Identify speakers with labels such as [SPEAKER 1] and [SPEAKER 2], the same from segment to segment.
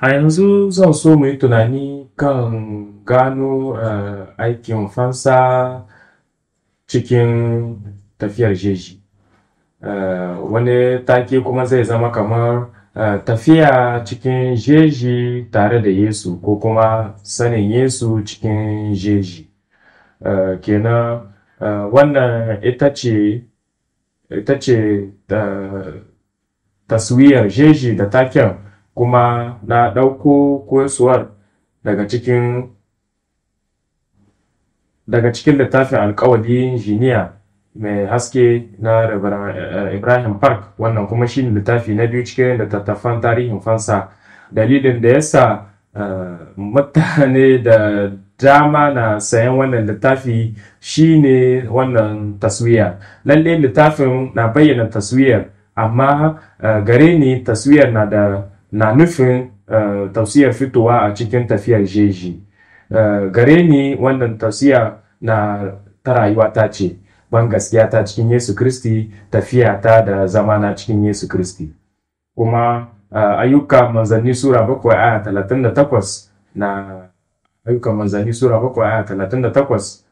[SPEAKER 1] A yanzu zan so mu yi tunani kan gano eh, aikin fansa cikin tafiyar jeji. Uh, wani take kuma zai zama kamar uh, tafiya cikin jeji tare da Yesu ko kuma sanin Yesu cikin jeji. kenan wannan ita ce ita ce taswiyar jeji da taken kuma na ɗauko koyaswar daga cikin daga cikin littafin alkawali jiniya mai haske na eh, Ibrahim Park wannan kuma shi ne littafi na biyu cikin littattafan tarihin fansa dalilin da ya sa eh, mutane da dama na sayan wannan littafi ne wannan taswiya lalle littafin na bayyana taswiyar amma eh, gare ni taswiyar na da na nufin eh, tausiyar fitowa a cikin tafiyar jeji eh, gare ni wannan tausiya na ta rayuwa ta ce ban gaskiya ta cikin yesu kristi tafiya ta da zamana cikin yesu kristi kuma eh, ayyuka manzanni sura bakwai aya talatin da takwas na ayyukan manzanni sura bakwai aya talatin da takwas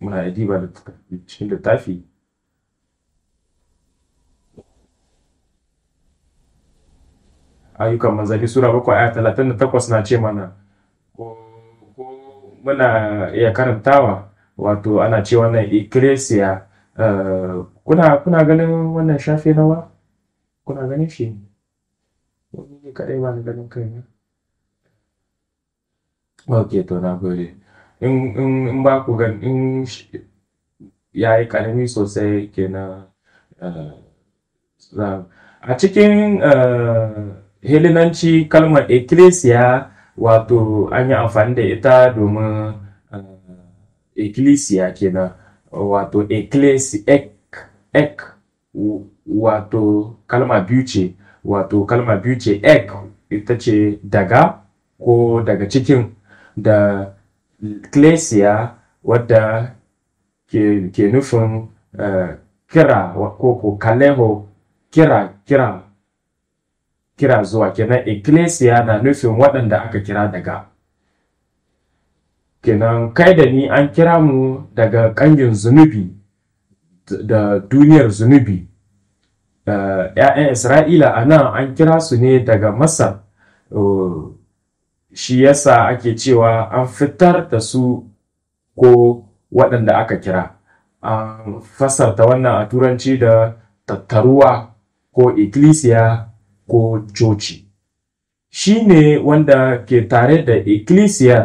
[SPEAKER 1] muna da cikin littafi ayyukan manzanni sura bakwai aya talatin da takwas na ce mana ko muna iya karantawa wato ana ce wannan ecclesia eh, kuna kuna ganin wannan shafe nawa kuna ganin shi ne kadai ba ni ganin kai ne ok to na gode in ba ku gan in ya yi karami sosai kenan eh, a cikin eh, helenanci kalmar ecclesia wato an yi amfani da ita domin ah, ecclesia kenan wato ecclesia ek, wato kalma biyu wato kalma biyuce ek ita ce daga ko daga cikin da ecclesia wadda ke, nufin uh, kira ko kaleho kira kira kira zuwa kenan ecclesia na nufin waɗanda aka kira daga kenan kai da ni an kira mu daga ƙangin zunubi da duniyar zunubi ‘ya'yan isra'ila a nan an kira su ne daga masar shi yasa ake cewa an fitar da su ko waɗanda aka kira an fasarta wannan a turanci da tattaruwa ko ikkilisiya ko coci shi ne wanda ke tare da ikkilisiya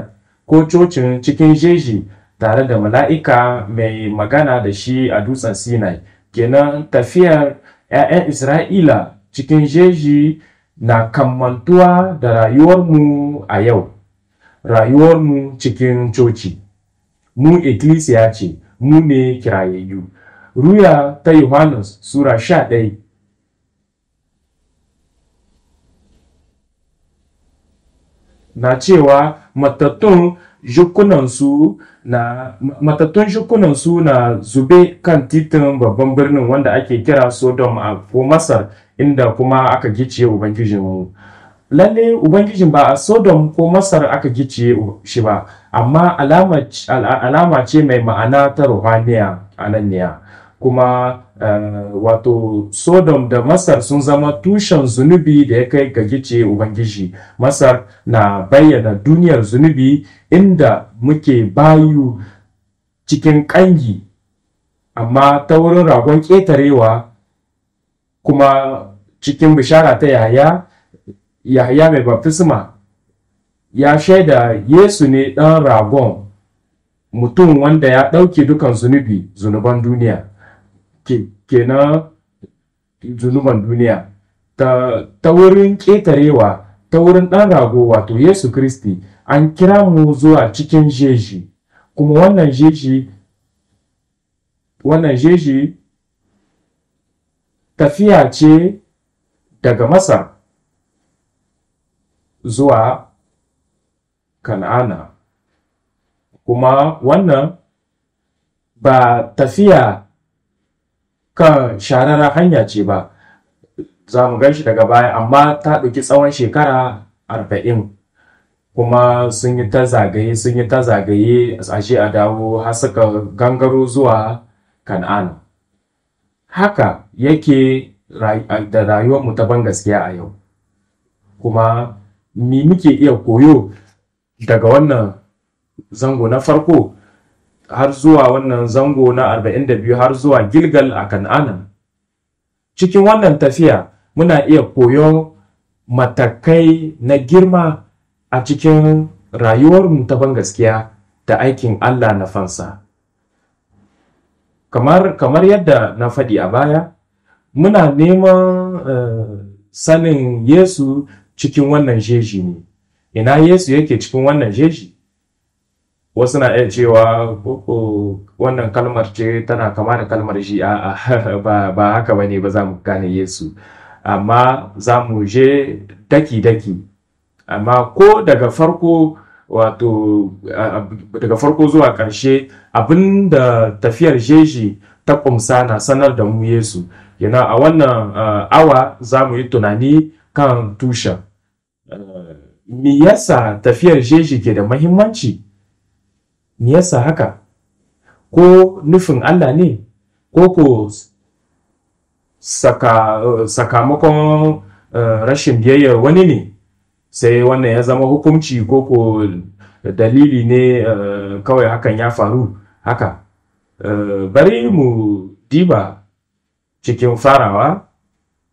[SPEAKER 1] ko cocin cikin jeji tare da mala'ika mai magana da shi a dutsen sinai kenan tafiyar 'ya'yan isra'ila cikin jeji na kammantuwa da rayuwarmu a yau rayuwarmu cikin coci mu ikkilisiya ce mu ne kirayayyu ruya ta yohannes sura ɗaya. na cewa matattun jukunansu na matattun jukunansu na zube kan titin babban birnin wanda ake kira Sodom a ko Masar inda kuma aka gicciye Ubangijin lalle Ubangijin ba a Sodom ko Masar aka gicciye shi ba amma alama ce mai ma'ana ta ruhaniya ananniya kuma Eh, wato sodom da masar sun zama tushen zunubi da ya kai ga gice ubangiji masar na bayyana duniyar zunubi inda muke bayu cikin ƙangi amma ta wurin ragon ƙetarewa kuma cikin bishara ta yaya yahaya mai baftisma ya shaida yesu ne ɗan ragon mutum wanda ya ɗauke dukan zunubi zunuban duniya ke na zunuban duniya ta wurin ƙetarewa ta wurin ɗan rago wato Yesu Kristi an kira mu zuwa cikin jeji kuma wannan jeji wannan jeji tafiya ce daga Masar zuwa Kan'ana kuma wannan ba tafiya kan shararar hanya ce ba za mu gan shi daga baya amma ta ɗauki tsawon shekara arba'in kuma sun yi ta zagaye sun yi ta zagaye ashe a dawo har suka gangaro zuwa kan'an haka yake da rayuwarmu ta ban gaskiya a yau kuma mi muke iya koyo daga wannan zango na farko har zuwa wannan zango na arba'in da biyu har zuwa Gilgal a Kan'ana. Cikin wannan tafiya muna iya koyon matakai na girma a cikin rayuwarmu ta ban gaskiya da aikin Allah na fansa. Kamar, kamar yadda na faɗi a baya, muna neman uh, sanin Yesu cikin wannan jeji ne. Ina Yesu yake cikin wannan jeji? wasu na iya cewa wannan kalmar ce tana kama da kalmar shi a ba haka ba ne ba za mu gane yesu amma za mu je daki-daki amma ko daga farko wato daga farko zuwa ƙarshe abin da tafiyar jeji ta kumsa na sanar da mu yesu yana a wannan awa za mu yi tunani kan tushen eh, me yasa tafiyar jeji ke da mahimmanci me yasa haka ko nufin Allah ne ko ko sakamakon eh, rashin biyayyar wani ne sai wannan ya zama hukunci ko ko dalili ne eh, kawai hakan ya faru haka eh, bari mu diba cikin farawa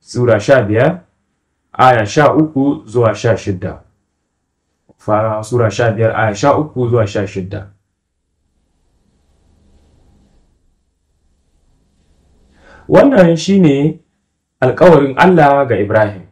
[SPEAKER 1] sura sha biyar aya sha uku zuwa sha shidda sura sha biyar aya sha uku zuwa sha shidda wannan shine alƙawarin Allah ga Ibrahim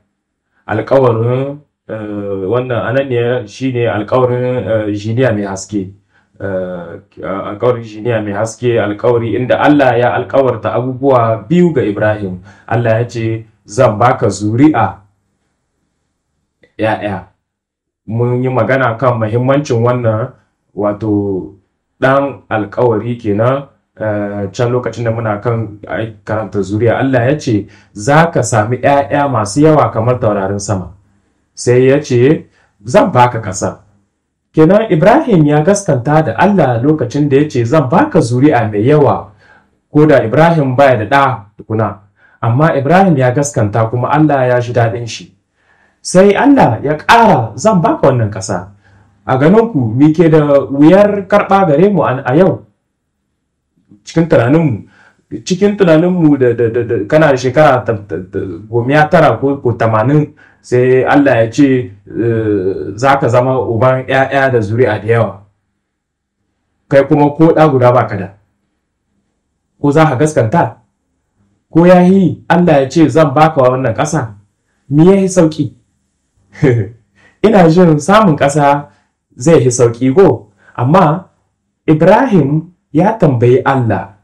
[SPEAKER 1] Alƙawarin eh, wannan anan ne shine alƙawarin eh, jiniya mai haske eh, Alƙawarin jiniya mai haske alƙawari. inda Allah ya alƙawarta abubuwa biyu ga Ibrahim Allah ya ce zan baka zuri'a ya'ya mun yi magana kan mahimmancin wannan wato ɗan alƙawari kenan Eh, can lokacin da muna kan karanta zuriya Allah ya ce za ka sami ‘ya'ya masu yawa kamar taurarin sama sai ya ce zan baka ƙasa kenan ibrahim ya gaskanta da Allah lokacin da ya ce zan baka zuri'a mai yawa ko da ibrahim baya da ɗa tukuna amma ibrahim ya gaskanta kuma Allah ya ji daɗin shi sai Allah ya ƙara zan baka wannan ƙasa a ganinku mike da wuyar karɓa gare mu a yau cikin tunaninmu cikin mu da kana da shekara gomiya tara ko tamanin sai Allah ya ce eh, za ka zama uban 'ya'ya da zuri'a da yawa kai kuma ko ɗa guda ba ka da ko za ka gaskanta ko ya yi Allah ya ce zan baka wannan ƙasa Me ya yi sauƙi ina jin samun ƙasa zai yi sauƙi go amma ibrahim ya tambayi Allah,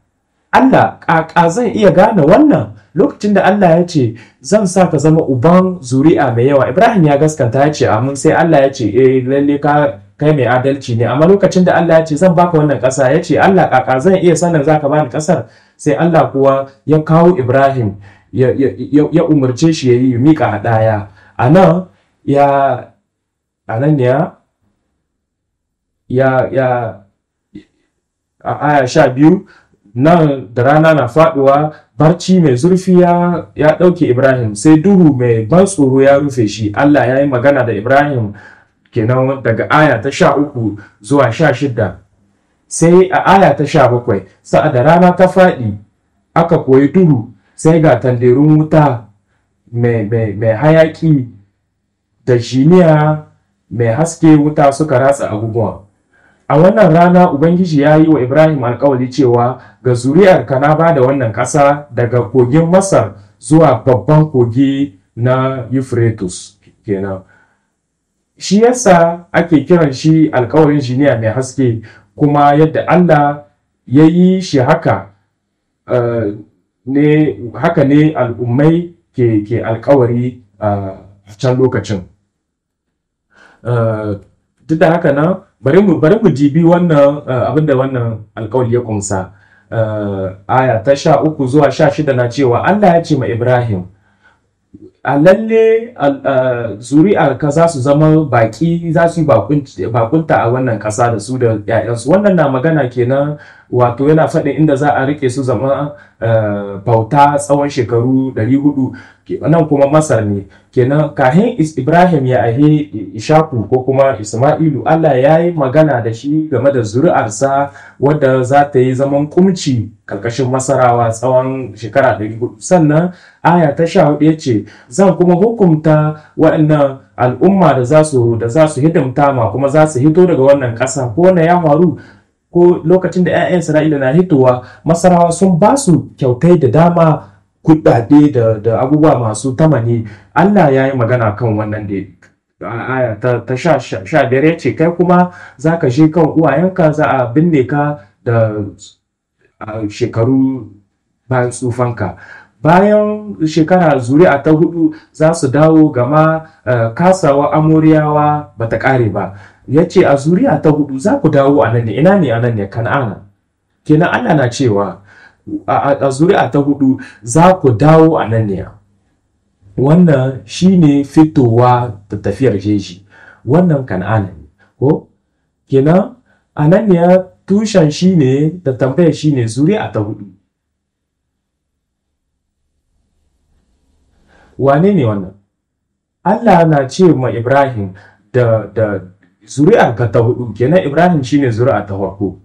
[SPEAKER 1] Allah ƙaƙa zan iya gane wannan lokacin da Allah ya ce zan sa ka zama uban zuri'a mai yawa Ibrahim ya gaskanta ya ce amin sai Allah ya ce e, lalle ka kai mai adalci ne amma lokacin da Allah ya ce zan baka wannan ƙasa ya ce Allah ƙaƙa zan iya sanin ba ni ƙasar sai Allah kuwa ya kawo Ibrahim ya umarce shi ya yi miƙa hadaya a nan ya a nan ya ya a aya sha biyu nan da rana na faduwa barci mai zurfi ya ɗauke ibrahim sai duhu mai ban tsoro ya rufe shi allah ya yi magana da ibrahim kenan daga aya ta sha uku zuwa sha shida sai a aya ta sha bakwai sa'a da rana ta faɗi aka koyi duhu sai ga tanderun wuta mai hayaƙi da jiniya mai haske wuta suka ratsa abubuwa a wannan rana Ubangiji ya yi wa Ibrahim alkawali cewa ga zuriyarka na ba da wannan ƙasa daga kogin Masar zuwa babban kogi na Euphrates kenan. Shi yasa ake kiran shi alkawarin jiniya mai haske kuma yadda Allah ya yi shi haka uh, ne haka ne al'ummai ke, ke alkawari a uh, can lokacin. Uh, duk da haka nan bari mu jibi wannan eh, abinda wannan alkawali ya kunsa eh, aya ta sha uku zuwa sha shida na cewa Allah ya ce ma Ibrahim a lalle eh, zuri'a ka za su zama baƙi za su yi bakunta a wannan ƙasa da su da 'ya'yansu wannan na magana kenan wato yana faɗin inda za a rike su zama eh, bauta tsawon shekaru 400 nan kuma masar ne kenan kahin ibrahim ya ahe ishaku ko kuma isma'ilu allah ya yi magana da shi game da zuri'arsa wadda za ta yi zaman kumci karkashin masarawa tsawon shekara 400 sannan aya ta sha hudu ya ce zan kuma hukumta waɗannan al'umma da za su da za su hidimta ma kuma za su hito daga wannan ƙasa ko na ya faru ko lokacin da 'ya'yan isra'ila na hitowa masarawa sun ba su kyautai da dama kudade da abubuwa masu tamani allah ya yi magana kan wannan da aya ta sha biyar ya ce kai kuma za ka je kan uwayenka za a binne ka da shekaru bayan tsufanka bayan shekara zuri'a ta hudu za su dawo gama eh, kasawa amuriyawa ba ta kare ba ya ce a zuriya ta hudu za ku dawo a nan ne ina ne a nan ne kan'ana kenan Allah na cewa a zuriya ta hudu za ku dawo a nan ne wannan shine fitowa da tafiyar jeji wannan kan'ana ne ko kenan a nan ne tushen shine da tambayar shine zuriya ta hudu wane ne wannan Allah na ce ma Ibrahim da zuri'a ka ta hudu kenan ibrahim shine zuri'a ta farko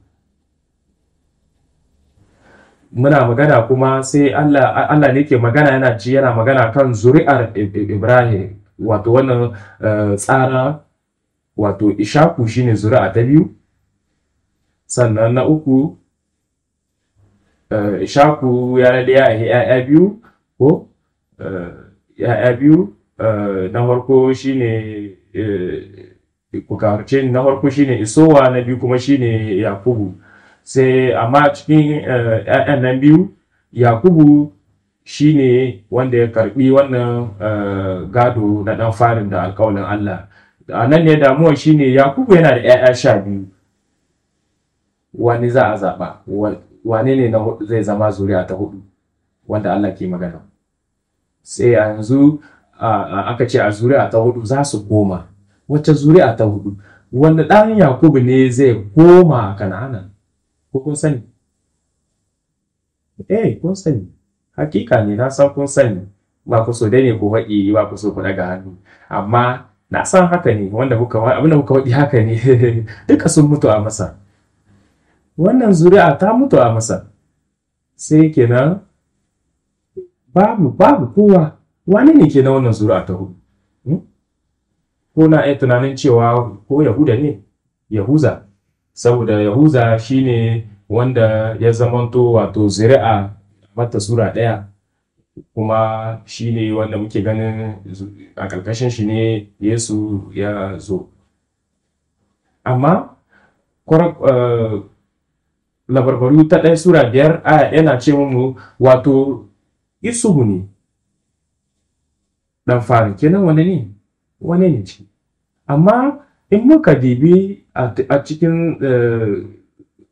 [SPEAKER 1] muna magana kuma sai Allah Allah ne ke magana yana ci yana magana kan zuri'ar Ibrahim wato wannan eh, tsara wato Ishaku shine zuri'a ta biyu sannan na uku eh, Ishaku ya rade ya ahi ya biyu ko eh, ya biyu na farko shine ku na farko shine isowa na biyu kuma shine yakubu sai amma cikin eh, ƴaƴan nan biyu yakubu shine wanda ya karbi wannan eh, gado na dan farin da alkawalin Allah a nan ne damuwar shine yakubu yana da 'ya'ya sha biyu wani za a zaɓa wane ne na zai zama zuriya ta hudu wanda Allah ke magana sai yanzu aka ce a zuriya ta hudu za su goma wacce zuri'a ta hudu wanda ɗan yakubu ne zai koma a kana'ana ko kun sani eh kun sani hakika ne na san kun sani ba ku so dai ne ku faɗi ba ku so ku daga hannu amma na san haka ne wanda kuka abinda kuka faɗi haka ne duka sun mutu a masa wannan zuri'a ta mutu a masa sai kenan babu babu kowa wani ne kenan wannan zuri'a ta hudu ko na iya tunanin cewa ko yahuda ne yahuza saboda yahuza shine wanda ya zamanto wato zuri'a mata sura ɗaya kuma shine wanda muke ganin a ƙarƙashin shi ne yesu ya zo amma eh, labarbaru ta ɗaya sura biyar aya yana ce mu wato isuhu ne ɗan fara kenan wani ne wani ne ce, amma in muka dibi a cikin eh,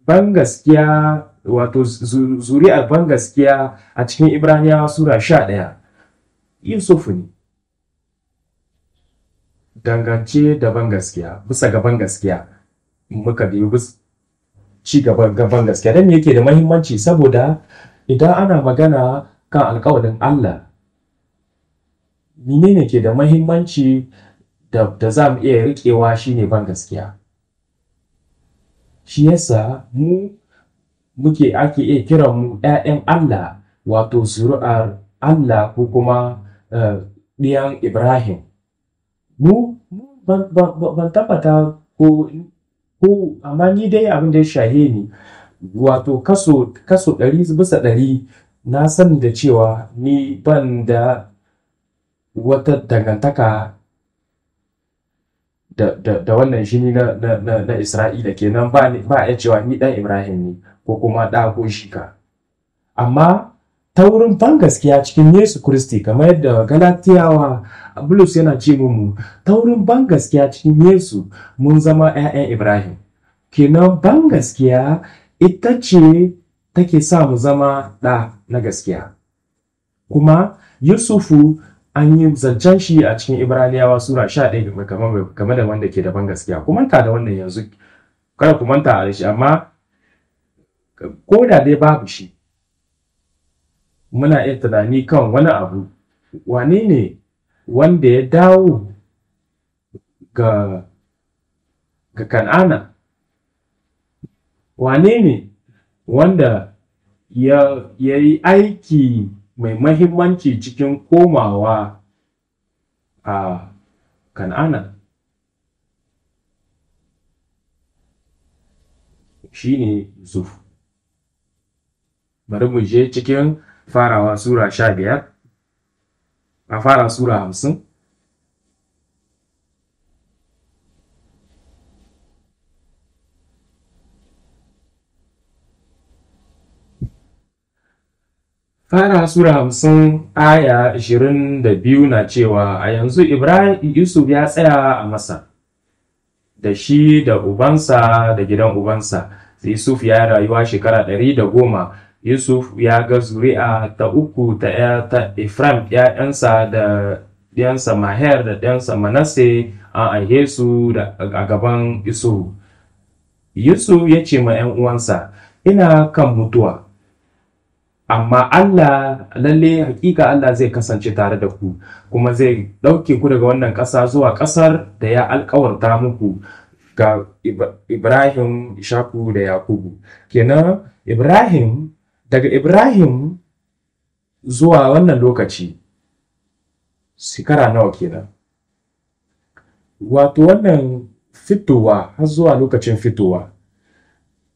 [SPEAKER 1] ban gaskiya wato zuri'ar ban gaskiya a cikin ibraniyawa sura sha ɗaya yusufu ne dangance da ban gaskiya bisa ga ban gaskiya muka biyu ci ga ban gaskiya don yake da mahimmanci saboda idan ana magana kan alkawarin Allah menene ke da mahimmanci da za mu iya riƙewa shine ban gaskiya shi yasa mu muke ake iya kiran mu ‘ya'yan Allah wato zuri'ar Allah ko kuma eh, ɗiyan Ibrahim mu ban tabbata ko ko amma ni dai abin da ya shahe ni wato kaso ɗari bisa ɗari na san da cewa ni ban da wata dangantaka da, wannan shini na, na, na, na Isra'ila kenan ba ba ya cewa ni dan Ibrahim ne ko kuma da ko ka. amma ta wurin ban gaskiya cikin Yesu Kristi kamar yadda Galatiyawa Bulus yana ce mu ta wurin ban gaskiya cikin Yesu mun zama 'ya'yan Ibrahim kenan ban gaskiya ita ce take sa mu zama ɗa na gaskiya kuma Yusufu an yi zancen shi a cikin ibraniyawa sura 11 game da wanda ke daban gaskiya ku manta da wannan yanzu kada ku manta da shi amma ko da dai babu shi muna iya tunani kan wani abu wane ne wanda ya dawo ga ga kan'ana wane ne wanda ya yi aiki mai mahimmanci cikin komawa a kan'ana shine zuf bari mu je cikin farawa sura sha biyar a fara sura hamsin Fara Sura hamsin aya 22 biyu na cewa a yanzu Ibrahim Yusuf ya tsaya a masa. da shi da ubansa da gidan ubansa. Yusuf ya rayuwa shekara ɗari da goma. Yusuf ya ga zuri'a ta uku ta ya ta Ifram ‘ya'yansa da ɗiyansa Maher da ɗiyansa Manasse a aihe su a gaban Yusuf. Yusuf ya ce ma ‘yan uwansa, ina kan mutuwa. amma Allah lalle hakika Allah zai kasance tare da ku kuma zai ɗauke ku daga wannan ƙasa zuwa ƙasar da ya alkawarta muku ga Ibrahim Ishaku da Yakubu kenan Ibrahim daga Ibrahim zuwa wannan lokaci shekara nawa kenan wato wannan fitowa har zuwa lokacin fitowa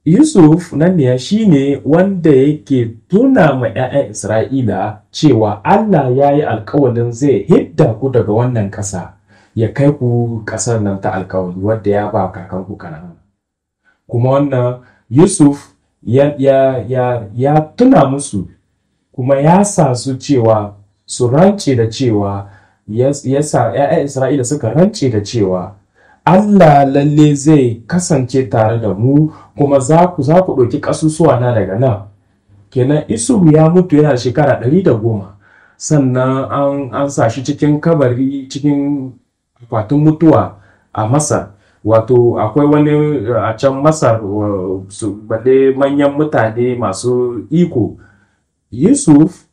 [SPEAKER 1] Yusuf nan ne shi ne wanda yake tuna ma 'ya'yan Isra'ila cewa Allah ya yi alkawalin zai hidda ku daga wannan ƙasa ya kai ku ƙasar nan ta alkawali wadda ya ba kakanku kanana Kuma wannan Yusuf ya, ya tuna musu kuma ya sa su cewa su rance da cewa ya sa 'ya'yan Isra'ila suka rance da cewa Allah lalle zai kasance tare da mu kuma za ku za ku ɗauki ƙasusuwa na daga nan kenan isu ya mutu yana shekara ɗari da goma sannan an, an sa shi cikin kabari cikin akwatin mutuwa a masar wato akwai wani eh, a can masar eh, su baɗe manyan mutane masu iko yusuf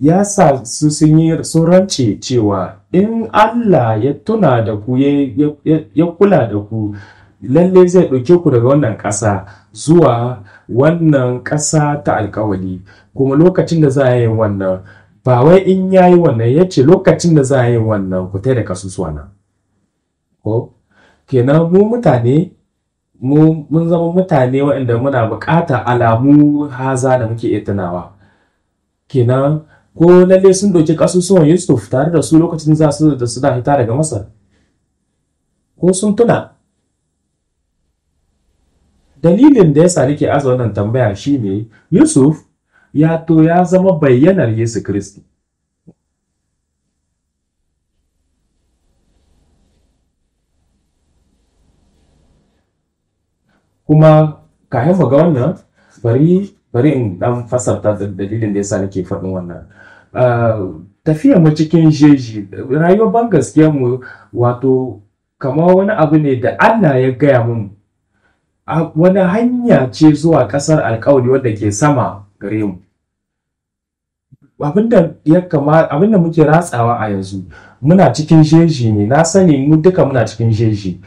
[SPEAKER 1] ya sa su sun yi sun cewa in Allah ya tuna da ku ya kula da ku lalle zai ɗauke ku daga wannan ƙasa zuwa wannan ƙasa ta alkawali kuma lokacin da za a yi wannan ba wai in ya yi wannan ya ce lokacin da za a yi wannan ku yi da kasusuwa nan ko kenan mu mutane mun zama mutane waɗanda muna buƙatar alamu haza da muke iya tunawa kenan ko lalle sun doki kasusuwan yusuf tare da su lokacin za su da suna hita daga masar ko sun tuna dalilin da ya sa nake aza wannan tambaya shine yusuf ya to ya zama bayyanar yesu kristi kuma ka ga wannan bari in dan fasarta dalilin da yasa nake faɗin wannan tafiya mu cikin jeji rayuwar ban gaskiya mu wato kamar wani abu ne da Allah ya gaya mun wani hanya ce zuwa ƙasar alkawari wadda ke sama gare mu abinda ya kama abinda muke ratsawa a yanzu muna cikin jeji ne na sani mu duka muna cikin jeji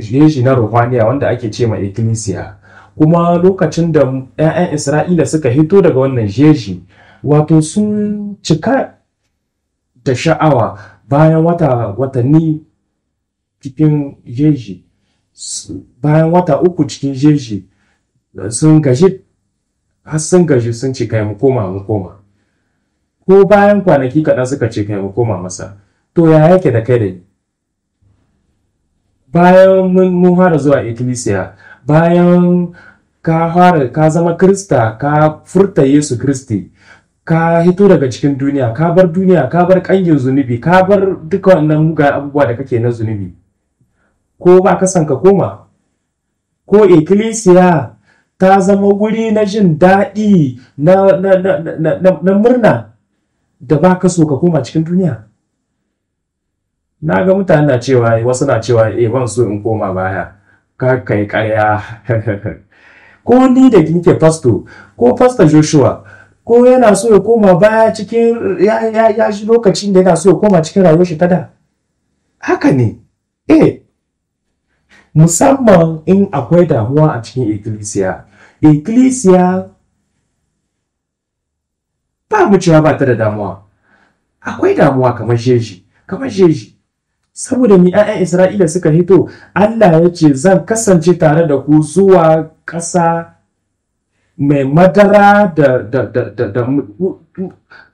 [SPEAKER 1] jeji na ruhaniya wanda ake ce ma ecclesia kuma lokacin da 'ya'yan isra'ila suka hito daga wannan jeji wato sun cika da sha'awa bayan wata watanni cikin jeji bayan wata uku cikin jeji sun gaji har sun gaji sun ce kai mu koma mu koma ko bayan kwanaki kaɗan suka ce kai mu koma masa to ya yake da kai da ni bayan mun fara zuwa ikkilisiya bayan ka fara ka zama krista ka furta yesu kristi ka hito daga cikin duniya ka bar duniya ka bar kangin zunubi ka bar duka wannan muga abubuwa da kake na zunubi ko ba ka san ka koma ko ikilisiya ta zama wuri na jin daɗi na murna da ba ka so ka koma cikin duniya na ga mutane na cewa wasu na cewa e ban so in koma baya ka kai karya ko ni da ke fasto ko fasta joshua ko yana so ya koma baya cikin ya shi lokacin da yana so ya koma cikin rayuwar shi ta haka ne eh musamman in akwai damuwa a cikin ikkilisiya ikkilisiya ba mu cewa ba ta da damuwa akwai damuwa kamar sheji kamar sheji saboda mi 'ya'yan isra'ila suka hito allah ya ce zan kasance tare da ku zuwa ƙasa mai madara da da da da da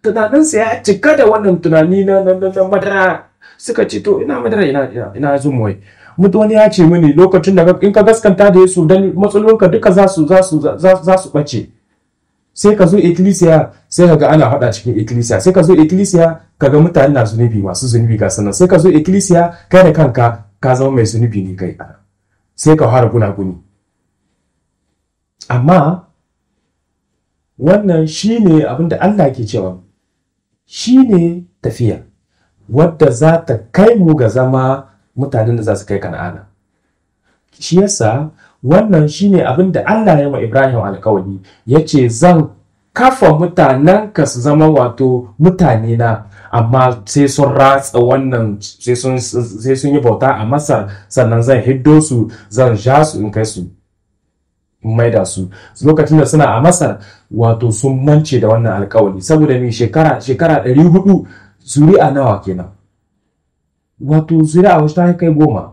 [SPEAKER 1] tunaninsa ya cika da wannan tunani na na madara suka ce to ina madara ina ina zumwai wani ya ce mini lokacin da in ka gaskanta da Yesu dan matsalolinka duka za su za su za su bace sai ka zo ikkilisiya sai ka ga ana hada cikin ikkilisiya sai ka zo ikkilisiya ka ga mutane na zunubi masu zunubi ga sanan sai ka zo ikkilisiya kai da kanka ka zama mai zunubi ne kai sai ka fara gunaguni amma wannan shine ne abinda Allah ke cewa ne tafiya wadda za ta kai mu ga zama mutanen da za su kai kan'ana shi yasa wannan shine ne abinda Allah ya ma Ibrahim alkawari ya ce zan kafa mutanenka su zama wato mutane na amma sai sun ratsa wannan sai sun yi bauta a masar sannan zan hiddo su zan ja su in kai su maida su lokacin da suna a masar wato sun mance da wannan alkawali saboda mai shekara shekara 400 zuri'a nawa kenan wato zuri'a wacce ta kai goma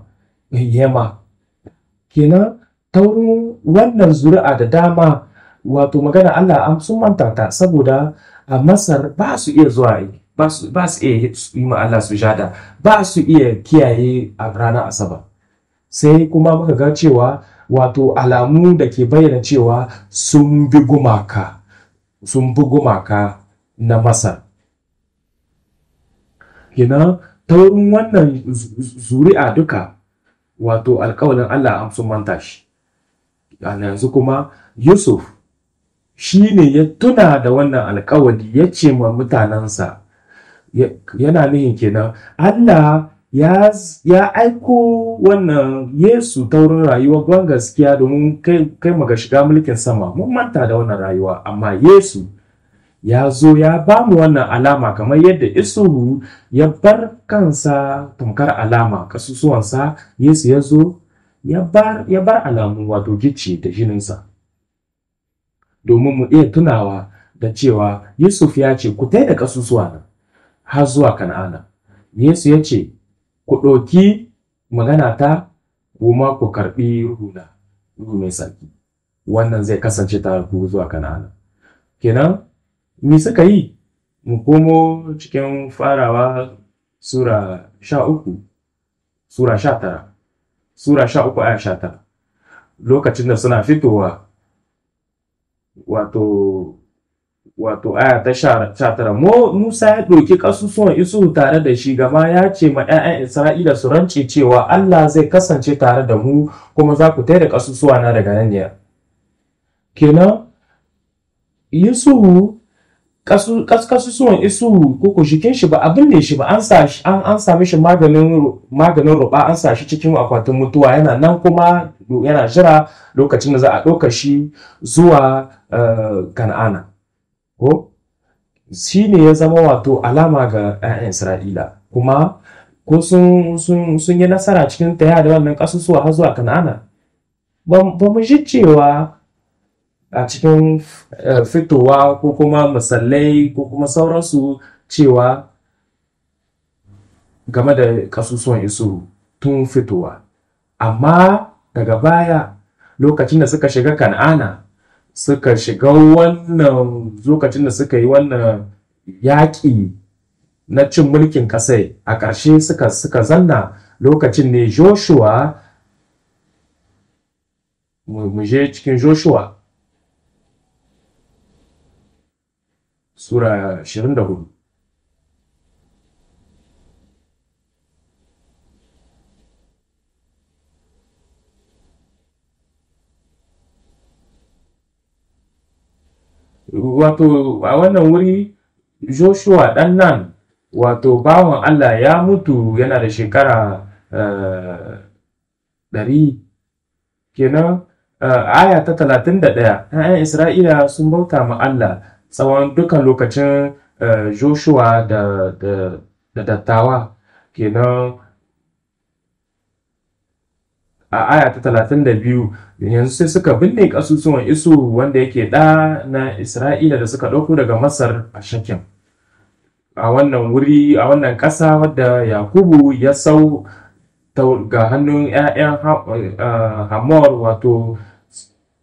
[SPEAKER 1] yema kenan taurin wannan zuri'a da dama wato magana Allah an sun manta ta saboda a masar ba su iya zuwa yi ba su iya yi ma Allah ba su iya kiyaye a ranar asaba sai kuma muka ga cewa wato alamu da ke bayyana cewa sun bi gumaka sun bi gumaka na masar kenan ta wurin wannan zuri'a duka wato alkawalin allah amsu manta shi yanzu kuma yusuf shi ne ya tuna da wannan alkawali ya ce ma mutanensa yana nihin kenan allah ya aiko wannan Yesu ta wurin rayuwa ban gaskiya domin kai mu ga shiga mulkin sama mun manta da wannan rayuwa amma Yesu ya zo ya ba mu wannan alama kamar yadda Isuhu ya bar kansa tamkar alama kasusuwansa Yesu ya zo ya bar alamu wato gicci da jininsa domin mu iya tunawa da cewa Yusuf ya ce ku da kasusuwa har zuwa Kan'ana Yesu ya ce ku ɗauki magana ta kuma ku karɓi ruhuna ruhu mai sarki wannan zai kasance ta ku zuwa kanana kenan me suka yi mu komo cikin farawa sura sha uku sura sha tara sura sha uku aya sha tara lokacin da suna fitowa wato wato aya ta sha tara Musa ya ɗauki ƙasusuwan Isu tare da shi gama ya ce ma 'ya'yan Isra'ila su rance cewa Allah zai kasance tare da mu kuma za ku taida ƙasusuwa na daga nan ya. Kenan Yusufu ƙasusuwan Isu koko shikin shi ba abin ne shi ba an an sami shi maganin maganin ruba an sa shi cikin akwatin mutuwa yana nan kuma yana jira lokacin da za a ɗauka shi zuwa eh, Kan'ana. ko shi ne ya zama wato alama ga 'ya'yan isra'ila kuma ko sun yi nasara cikin ta da wannan ƙasusuwa har zuwa kan'ana ba mu ji cewa a cikin eh, fitowa ko kuma misalai ko kuma sauransu cewa game da ƙasusuwan isu tun fitowa amma daga baya lokacin da suka shiga kan'ana suka shiga wannan lokacin da suka yi wannan yaƙi na cin mulkin ƙasai a ƙarshe suka suka zanna lokacin ne joshua mu je cikin joshua sura 24 wato a wannan wuri joshua ɗan nan wato bawan allah ya mutu yana da shekara eh, ɗari kenan eh, aya ta talatin da ɗaya ‘ya'yan isra'ila sun bauta ma allah tsawon dukan lokacin eh, joshua da dattawa kenan a aya ta 32 yanzu sai suka binne kasusuwan isu wanda yake ɗa na isra'ila da suka ɗauko daga masar a shakin a wannan wuri a wannan ƙasa wadda yakubu ya sau ga hannun 'ya'yan hamor wato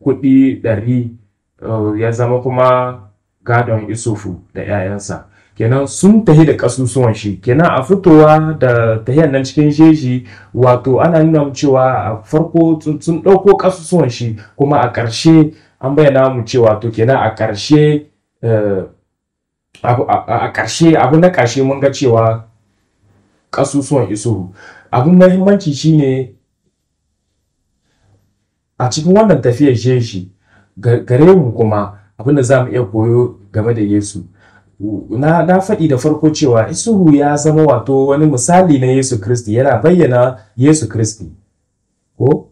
[SPEAKER 1] kuɗi ɗari ya zama kuma gadon isufu da 'ya'yansa kenan sun tahi da kasusuwan shi kenan a fitowa da tahiyan nan cikin jeji wato ana nuna mu cewa a farko sun ɗauko kasusuwan shi kuma a ƙarshe an bayyana mu cewa to kenan a ƙarshe eh, a ƙarshe abu na ƙarshe mun ga cewa kasusuwan isuhu himmanci mahimmanci shine a cikin wannan tafiyar jeji gare mu kuma abin da za mu iya koyo game da yesu na na faɗi da farko cewa isuhu ya zama wato wani misali na yesu kristi yana bayyana yesu kristi ko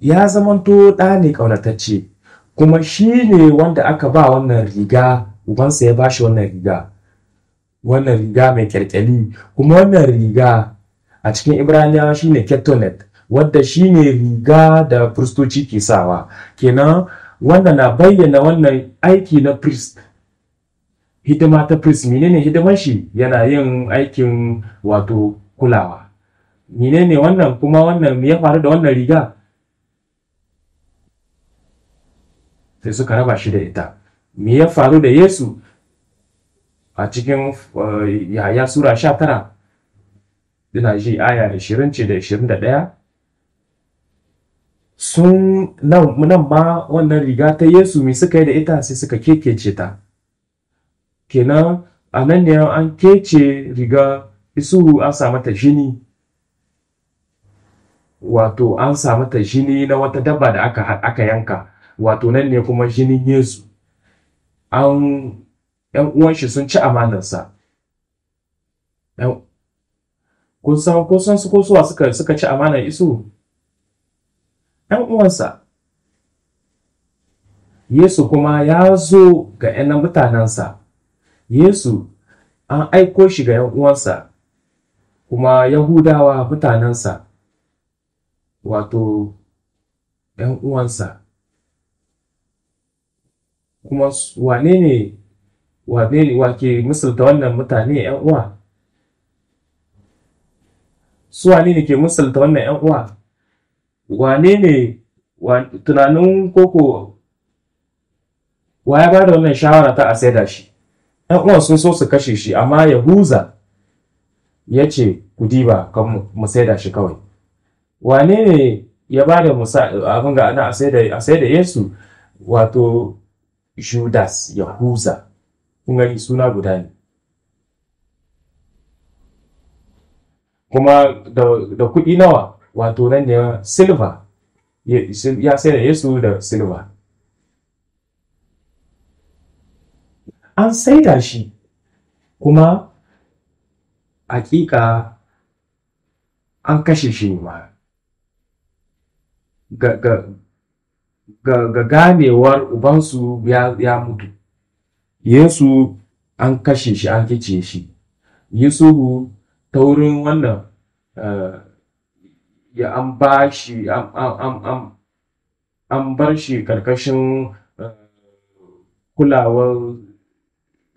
[SPEAKER 1] ya zamanto ɗa ne ƙaunatacce kuma shi ne wanda aka ba wannan riga ubansa ya bashi wannan riga wannan riga mai kyalkyali kuma wannan riga a cikin ibraniyawa shi ne ketonet wadda shi ne riga da firistoci ke sawa kenan wanda na bayyana wannan aiki na priest hidima ta priest menene hidiman shi yana yin aikin wato kulawa menene wannan kuma wannan ya faru da wannan riga sai suka raba shi da ita me ya faru da yesu a cikin eh, yaya sura sha tara ji aya 20 ce da 21 da ɗaya sun nan ma wannan riga ta yesu me suka yi da ita sai suka kekece ta kenan a nan ne an kece riga isuru an sa mata jini wato an sa mata jini na wata dabba da aka, aka yanka wato nan ne kuma jinin yesu an yan uwan shi sun ci amanarsa kun san ko san su ko suwa suka suka ci amanar isu yan uwansa yesu kuma ya zo ga 'yan mutanensa Yesu an aiko shi ga uwansa kuma Yahudawa mutanensa, wato uwansa. Kuma wane ne wane ne wake misalta wannan mutane uwa? Su wane ne ke misalta wannan uwa? Wane ne tunanin koko wa ya ba da wannan shawara ta a saida shi? ɗan uwan sun so su kashe shi amma yahuza ya ce ku diba kan mu saida shi kawai wane ne ya ba da abin ga ana a saida yesu wato judas yahuza kun gani suna guda ne kuma da kuɗi nawa wato nan ne silva ya sai da yesu da silva an saida shi kuma hakika an kashe shi ma ga, ganewar ubansu ya, mutu yesu an kashe shi an kice shi yusufu ta wurin wannan eh, ya an ba shi an bar shi karkashin eh, kulawar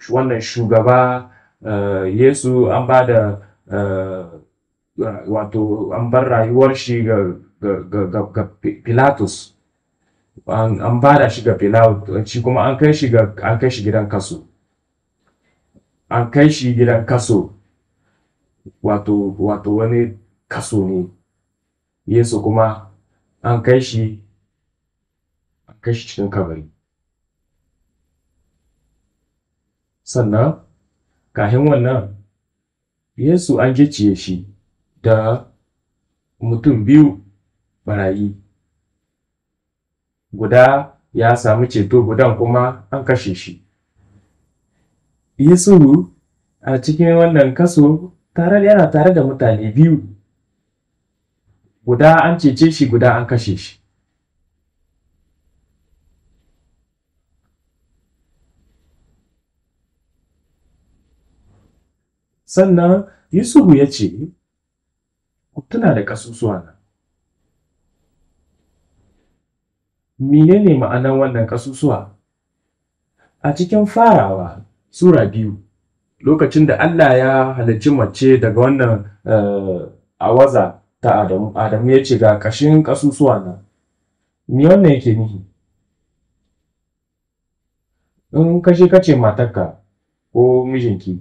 [SPEAKER 1] wannan shugaba eh, yesu an ba da eh, wato an bar rayuwar shi ga pilatus an ba da shi ga pilatus shi kuma an kai shi an kai shi gidan kaso an kai shi gidan kaso wato wato wani kaso ne yesu kuma an kai shi an kai shi cikin kabari sannan kahin wannan yesu an gicciye shi da mutum biyu barayi guda ya sami ceto gudan kuma an kashe shi yesu a cikin wannan kaso tare yana tare da mutane biyu guda an cece shi guda an kashe shi Sannan Yusufu ya ce, Ku tuna da ƙasusuwa na. ne ma'anar wannan ƙasusuwa? A cikin farawa, Sura biyu, lokacin da Allah ya halarci mace daga wannan eh, awaza ta Adamu, Adamu ya ce ga ƙashin ƙasusuwa na. Me wannan yake nihi? In kashe kace matarka ko mijinki,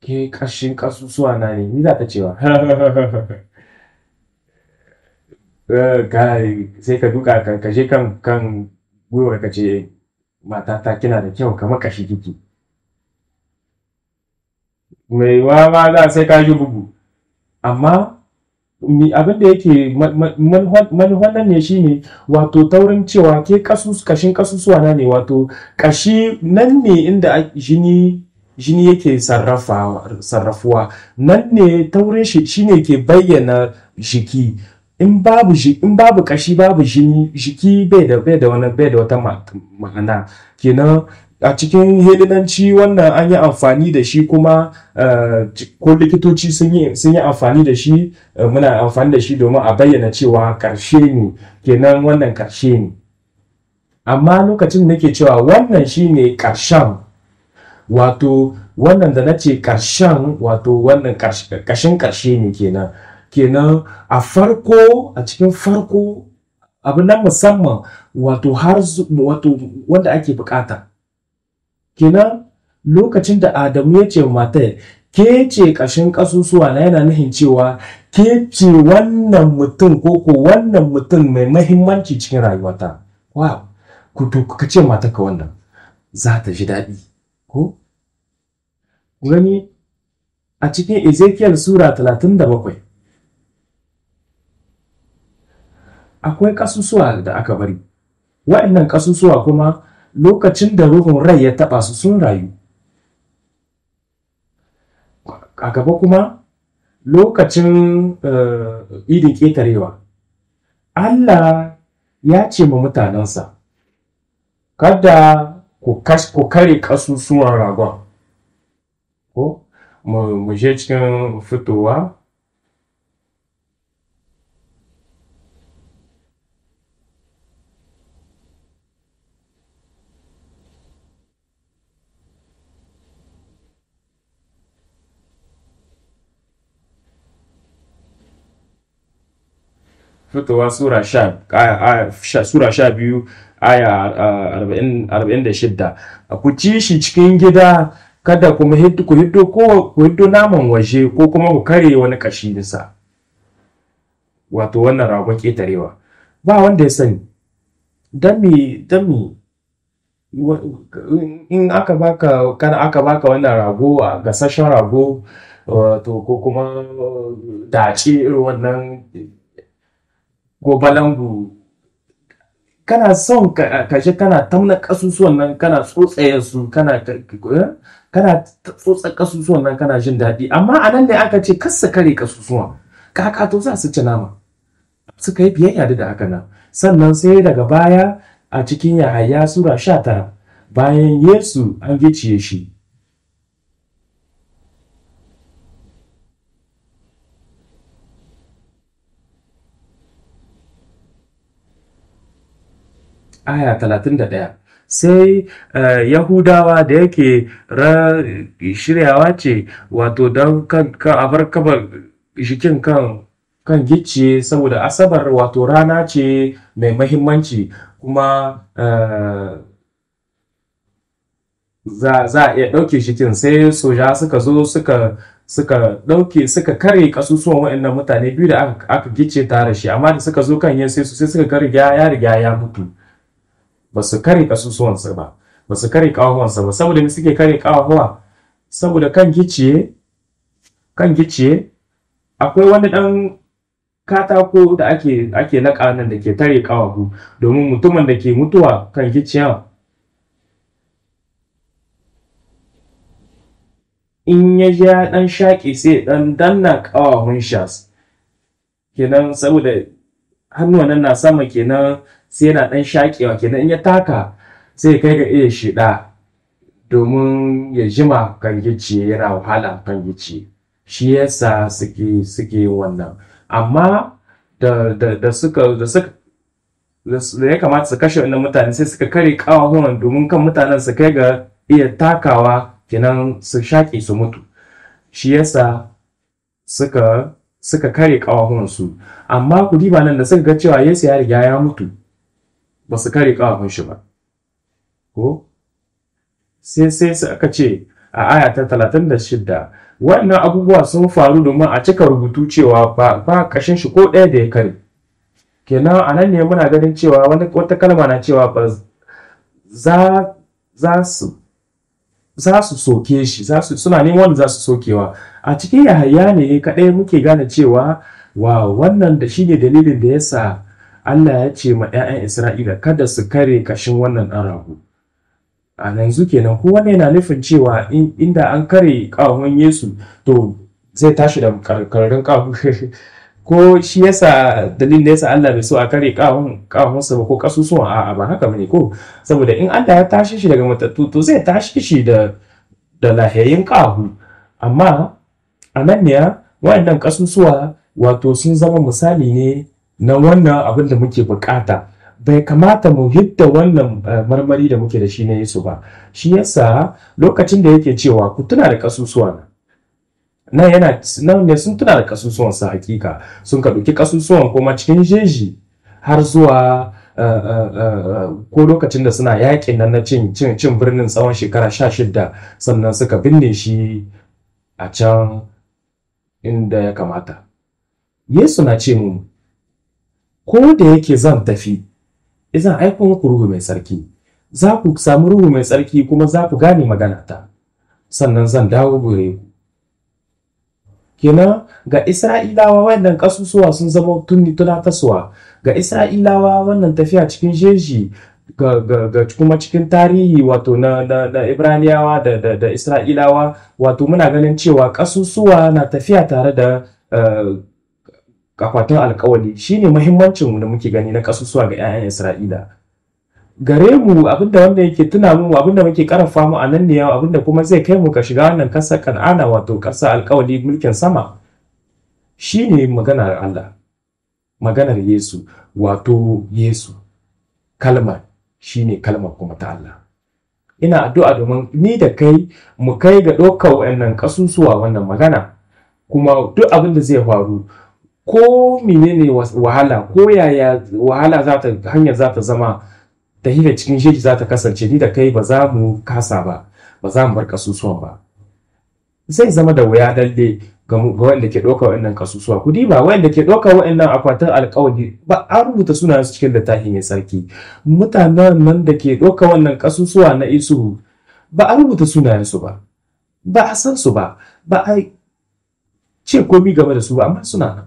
[SPEAKER 1] ke ƙashin ƙasusuwa na ne ni za ta cewa eh, sai ka duka kan kashe kan kan gwiwar ka ce matata kina da kyau kamar kashi kiki mai wa ma za sai ka ji bugu amma abin da yake manufan ne shi ne, wato taurin cewa ke kashin ƙasusuwa na ne wato ƙashi nan ne inda jini jini yake sarrafuwa nan ne taurin shi shine ke bayyana jiki in babu in babu kashi babu jini jiki bai da bai da wani bai da wata ma'ana kenan a cikin helinanci wannan an yi amfani da shi kuma eh, ko likitoci sun yi amfani da shi eh, muna amfani da shi domin a bayyana cewa karshe ne kenan wannan karshe ne amma lokacin da nake cewa wannan shine karshen wato wannan da na ce ƙarshen wato wannan ƙashin ƙarshe ne kenan kenan a farko a cikin farko abu na musamman wato har wato wanda ake bukata kenan lokacin da adamu ya ce matai ke ce ƙashin ƙasusuwa na yana nuhin cewa ke ce wannan mutum ko ko wannan mutum mai mahimmanci cikin rayuwata wow ku to ka ce mata ka wannan za ta ji daɗi ko ku gani a cikin Ezekiel Sura 37 akwai ƙasusuwa da aka bari waɗannan ƙasusuwa kuma lokacin da ruhun rai ya taɓa su sun rayu a gaba kuma lokacin eh, idin ƙetarewa Allah ya ce ma mutanensa kada ku kare ƙasusuwan ragon mu mu je cikin fitowa fitowa sura sha biyu aya arba'in da shidda ku ci shi cikin gida kada kuma ku hiddo ko ku hiddo naman waje ko kuma ku kare wani kashi bisa wato wannan ragon ƙetarewa ba wanda ya sani dami dami in aka baka kana aka baka wannan rago a gasashen rago wato ko kuma dace irin wannan gobalangu kana son kashe kana tamna kasusuwan nan kana tsotsaye su kana eh, kana tsotsa kasusuwan nan kana jin daɗi amma a nan da aka ce kasa kare kasusuwan kakato za su ci nama suka yi biyayya da haka nan sannan sai daga baya a cikin yahaya sura sha tara bayan yesu an gicciye shi aya 31 sai eh, yahudawa da yake shiryawa ce wato don kan abar kaba jikin kan kan gicciye saboda asabar wato rana ce mai mahimmanci kuma eh, za a iya ɗauke shikin sai soja suka zo suka suka ɗauke suka kare kasusuwan waɗannan mutane biyu da aka gice tare shi amma da suka zo kan yin sai suka kare ya riga ya mutu ba su kare kasusuwansu ba ba su kare kawawansu ba saboda ne suke kare kawawa saboda kan giciye kan giciye akwai wani dan katako da ake ake laƙa nan da ke tare kawagu domin mutumin da ke mutuwa kan giciyan in ya ja dan shaki sai dan danna kawahun shas kenan saboda hannuwan nan na sama kenan sai yana ɗan shaƙewa kenan in ya taka sai kai ga iya shiɗa domin ya jima kan gici yana wahala kan gici shi yasa suke suke wannan amma da suka da ya kamata su kashe wannan mutane sai suka kare kawahunan domin kan mutanen su kai ga iya takawa kenan su shaƙe su mutu shi yasa suka suka kare kawahunan su amma ku diba nan da suka ga cewa Yesu ya riga ya mutu basu su kare kawafin shi ba ko sai sai su aka ce a aya ta 36 wannan abubuwa sun faru domin a cika rubutu cewa ba kashin shi ko ɗaya da ya kare kenan a nan ne muna ganin cewa wata kalma na cewa ba za su za su soke shi suna neman wanda za su sokewa a cikin yahaya ne kaɗai muke gane cewa wa wannan da shine dalilin da yasa Allah ya ce ma 'ya'yan Isra'ila kada su kare kashin wannan ɗan rago a yanzu kenan ko wannan yana nufin cewa inda an kare ƙahon Yesu to zai tashi da karkararren ƙahu. ko shi yasa dalilin da yasa Allah bai so a kare ƙahon ba ko ƙasusuwan a'a ba haka bane ko saboda in Allah ya tashi shi daga matattu to zai tashi shi da da lahiyayyen ƙahu. amma a nan ne waɗannan ƙasusuwa wato sun zama misali ne na wannan abin da muke bukata bai kamata mu hidda wannan eh, marmari da muke da shi na Yesu ba shi yasa lokacin da yake cewa ku tuna da kasusuwa na yana nan ne sun tuna da kasusuwan sa hakika sun ka duki kasusuwan kuma cikin jeji har zuwa eh, eh, ko lokacin da suna yakin nan na cin cin birnin tsawon shekara 16 sannan suka binne shi a can inda ya kamata Yesu na ce mu ko da yake zan tafi izan aiko muku ruhu mai tsarki za ku samu ruhu mai tsarki kuma za ku gane magana ta. sannan zan dawo gare ku kenan ga isra'ilawa wannan kasusuwa sun zama tunni tunatarsuwa ga isra'ilawa wannan tafiya cikin jeji ga kuma cikin tarihi wato na, na, ibraniyawa da, da, da isra'ilawa wato muna ganin cewa kasusuwa na tafiya tare da eh, akwatin alkawali shine muhimmancin da muke gani na kasusuwa ga 'ya'yan Isra'ila gare mu abinda wanda yake tuna mu abinda muke karafa mu a nan ne abinda kuma zai kai mu ka shiga wannan kasar kan'ana wato kasar alkawali mulkin sama shine maganar Allah maganar Yesu wato Yesu kalmar shine kalmar kuma ta Allah ina addu'a domin ni da kai mu kai ga ɗaukar wannan kasusuwa wannan magana kuma duk abin da zai faru ko menene wahala ko yaya wahala za ta hanyar za ta zama ta hira cikin jeji za ta kasance ni da kai ba za mu kasa ba ba za mu bar kasusuwan ba zai zama da wuya dalle ga wanda ke ɗaukar wa'annan kasusuwa ku diba wanda ke ɗaukar wa'annan akwatin alkawari ba a rubuta sunayen su cikin littafi mai sarki mutanen nan da ke ɗauka wannan kasusuwa na isu ba a rubuta sunayen su ba ba a san su ba ba a ce komi game da su ba amma suna nan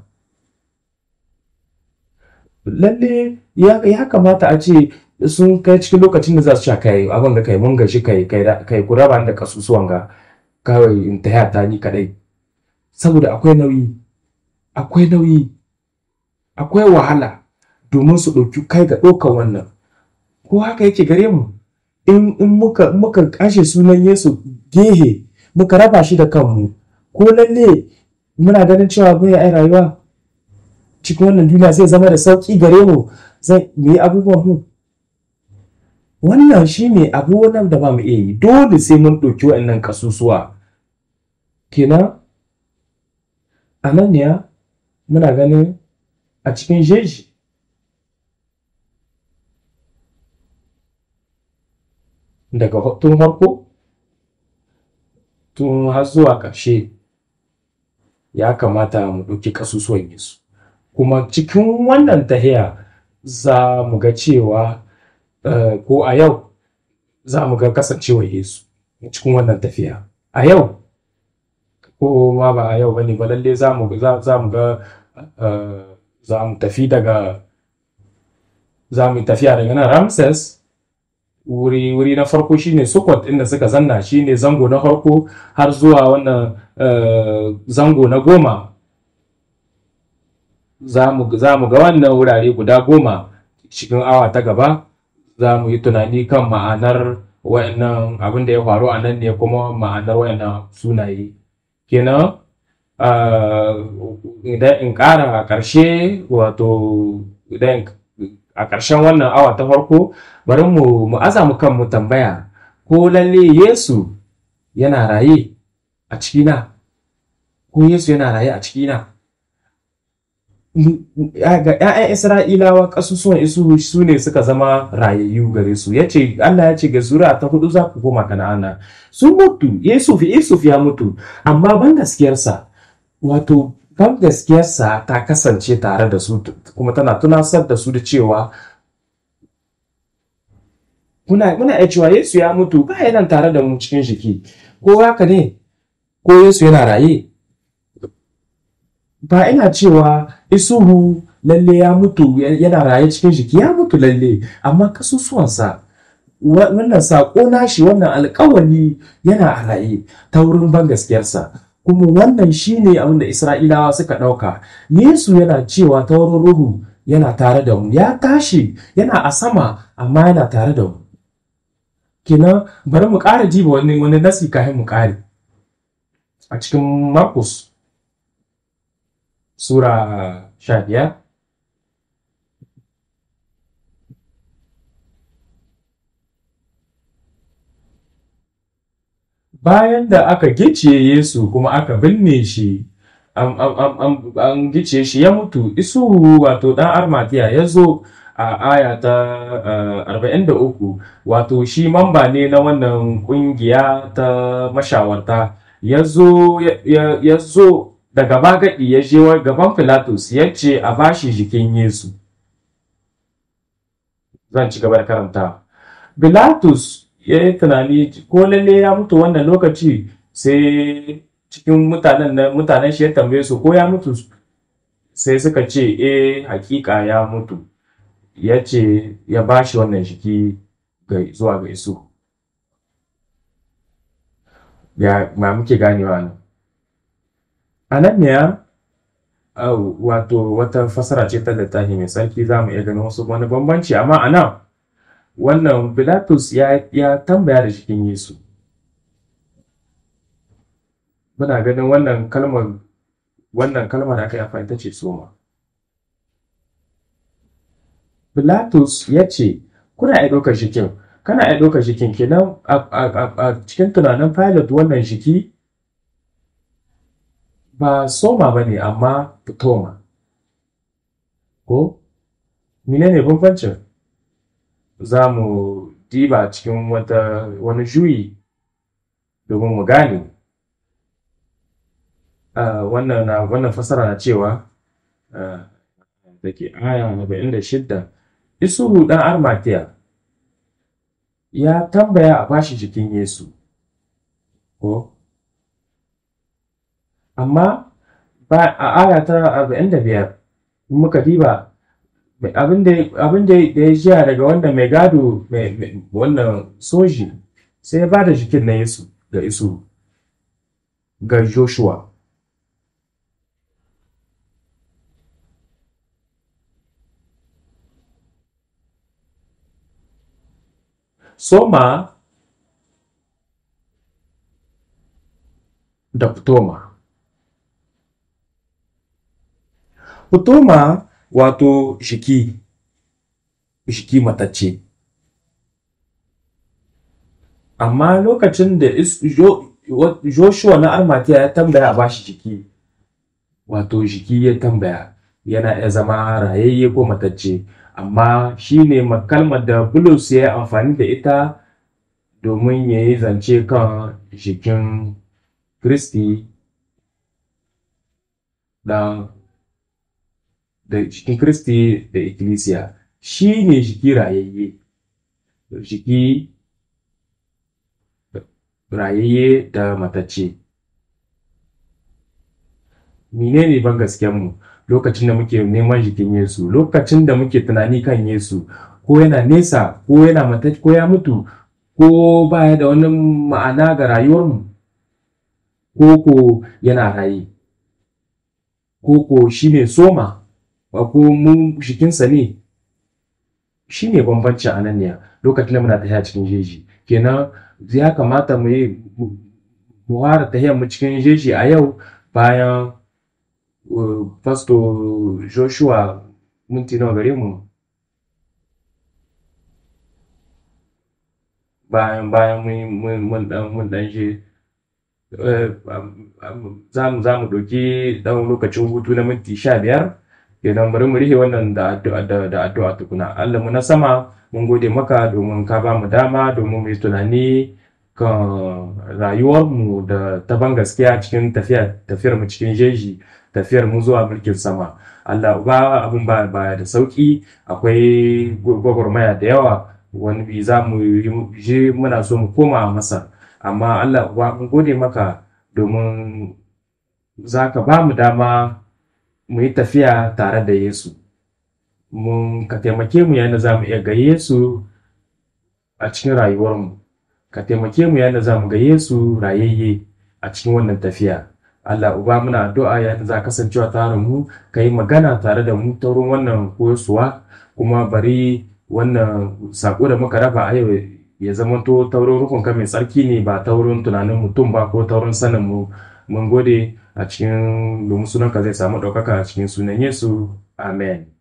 [SPEAKER 1] lalle ya kamata a ce sun kai cikin lokacin da za su sha kai abin da kai mun gashi kai kai ku raba da kasusuwan ga kawai in ta ta ni kadai saboda akwai nauyi akwai nauyi akwai wahala domin su ɗauki kai ga ɗaukar wannan ko haka yake gare mu in muka muka kashe sunan Yesu gehe muka raba shi da kanmu ko lalle muna ganin cewa bai ai rayuwa cikin wannan duniya zai zama da sauƙi gare mu zai mu yi abubuwan mu wannan shi ne abu wannan da ba mu iya yi dole sai mun ɗauki waɗannan ƙasusuwa. kenan a nan ne muna ganin a cikin jeji daga tun farko tun har zuwa ƙarshe ya kamata mu ɗauki ƙasusuwan yesu kuma cikin wannan tahiya za mu ga cewa eh, ko a yau za mu ga kasancewar yesu cikin wannan tafiya a yau ko ma ba a yau ba ne ba lalle za mu ga za eh, mu tafi daga za mu tafiya daga nan Ramses wuri wuri na farko shine Sukot inda suka zanna shine zango na farko har zuwa wannan eh, zango na goma za mu ga wannan wurare guda goma cikin awa ta gaba za mu yi tunani kan ma'anar wa'annan abin da ya faru a nan ne kuma ma'anar wa'annan sunaye kenan idan in ƙara a ƙarshe wato idan a ƙarshen wannan awa ta farko bari mu mu kan mu tambaya ko lalle yesu yana raye a cikina ko yesu yana raye a cikina ga 'ya'yan isra'ilawa ƙasusuwan isuhu su ne suka zama rayayyu gare su ya ce allah ya ce ga zura ta hudu za ku koma kana'ana sun mutu Yesu ya mutu amma ban gaskiyarsa wato ban gaskiyarsa ta kasance tare da su kuma tana tunasar da su da cewa muna muna iya cewa yesu ya mutu ba nan tare da mu cikin jiki ko haka ne ko yesu yana raye ba ina cewa isuhu lalle ya mutu yana raye cikin jiki ya mutu lalle amma kasusuwansa wannan saƙo nashi wannan alƙawari yana a raye ta wurin ban gaskiyarsa kuma wannan shine abin da isra'ilawa suka ɗauka yesu yana cewa ta wurin ruhu yana tare da mu ya tashi yana a sama amma yana tare da mu kenan bari mu ƙara jiba wani wani nasi kafin mu ƙare a cikin markus Sura eh, sha biyar bayan da aka gicciye Yesu kuma aka binne shi an gice shi ya mutu isu, wato ɗan armatiya ya zo a aya ta 43 eh, wato shi mamba ne na wannan kungiya ta mashawarta ya zo Da gaba bagaɗi ya je gaban Pilatus ya ce a bashi jikin Yesu. Zan ci gaba da karanta. Pilatus ya yi tunani ko lalle ya mutu wannan lokaci sai cikin mutanen shi ya tambaye su ko ya mutu sai suka ce e hakika ya mutu ya ce ya bashi wannan jiki zuwa ga isu. Ya muke ganewa ne. A nan ne ya wato wata fasara ce ta littafi mai tsarki za mu iya ganin wasu wani bambanci amma a nan wannan Bilatus ya tambaya da cikin Yesu. Muna ganin wannan kalmar wannan kalmar aka yafa ita ce soma. Bilatus ya ce, Kuna iya ɗaukar jikin, kana iya ɗaukar jikin kenan a cikin tunanin pilot wannan jiki ba soma ba ne amma fitoma ko menene bambancin za mu diba cikin wata wani juyi domin mu gane wannan fasara na cewa da ke aya shidda isuru ɗan armatiya ya tambaya a bashi jikin yesu ko amma a aya ta arba'in da biyar muka diba abin da ya jiya daga wanda mai gado wannan soji sai ya ba jikin na yesu ga isu ga joshua soma da toma Hutuma wato shiki, shiki matacce. Amma lokacin da Joshua na Armatiya ya tambaya ba bashi shiki, wato shiki ya tambaya yana iya zama rayayye ko matacce, amma shi ne da Bulus ya amfani da ita domin ya yi zance kan jikin Kristi da da cikin Kristi da ikkilisiya shi ne jiki rayayye jiki rayayye da matacce ne ban mu lokacin da muke neman jikin Yesu lokacin da muke tunani kan Yesu ko yana nesa ko yana matacce ko ya mutu ko baya da wani ma'ana ga rayuwarmu ko ko yana raye koko ko ne soma ko mu jikinsa ne shi ne bambanci a nan ne lokacin da muna tafiya cikin jeji kenan ya kamata mu yi mu fara mu cikin jeji a yau bayan eh, pastor joshua minti nawa gare mu bayan bayan mun dan mun dan je eh, za mu ɗauki dan lokacin hutu na minti sha biyar kenan bari mu rihe wannan da addu'a da addu'a tukuna Allah mu na sama mun gode maka domin ka ba mu dama domin mu yi tunani kan rayuwar mu da ban gaskiya cikin tafiyar tafiyar mu cikin jeji tafiyar mu zuwa mulkin sama Allah ba abin ba da sauki akwai gwagwarmaya da yawa wani bi za mu je muna so mu koma masa amma Allah ba mun gode maka domin za ka ba mu dama mu yi tafiya tare da Yesu. Mun ka taimake mu yadda za mu iya ga Yesu a cikin rayuwarmu. Ka taimake mu yadda za mu ga Yesu rayayye a cikin wannan tafiya. Allah Uba muna addu'a yadda za kasancewa tare mu, ka yi magana tare da mu ta wurin wannan koyarsuwa kuma bari wannan saƙo da muka raba a yau ya zamanto taurin rukunka mai tsarki ne ba ta wurin tunanin mutum ba ko taurin sanin mu. Mun gode a cikin domin sunanka zai samu ɗaukaka a cikin sunan Yesu. Amen.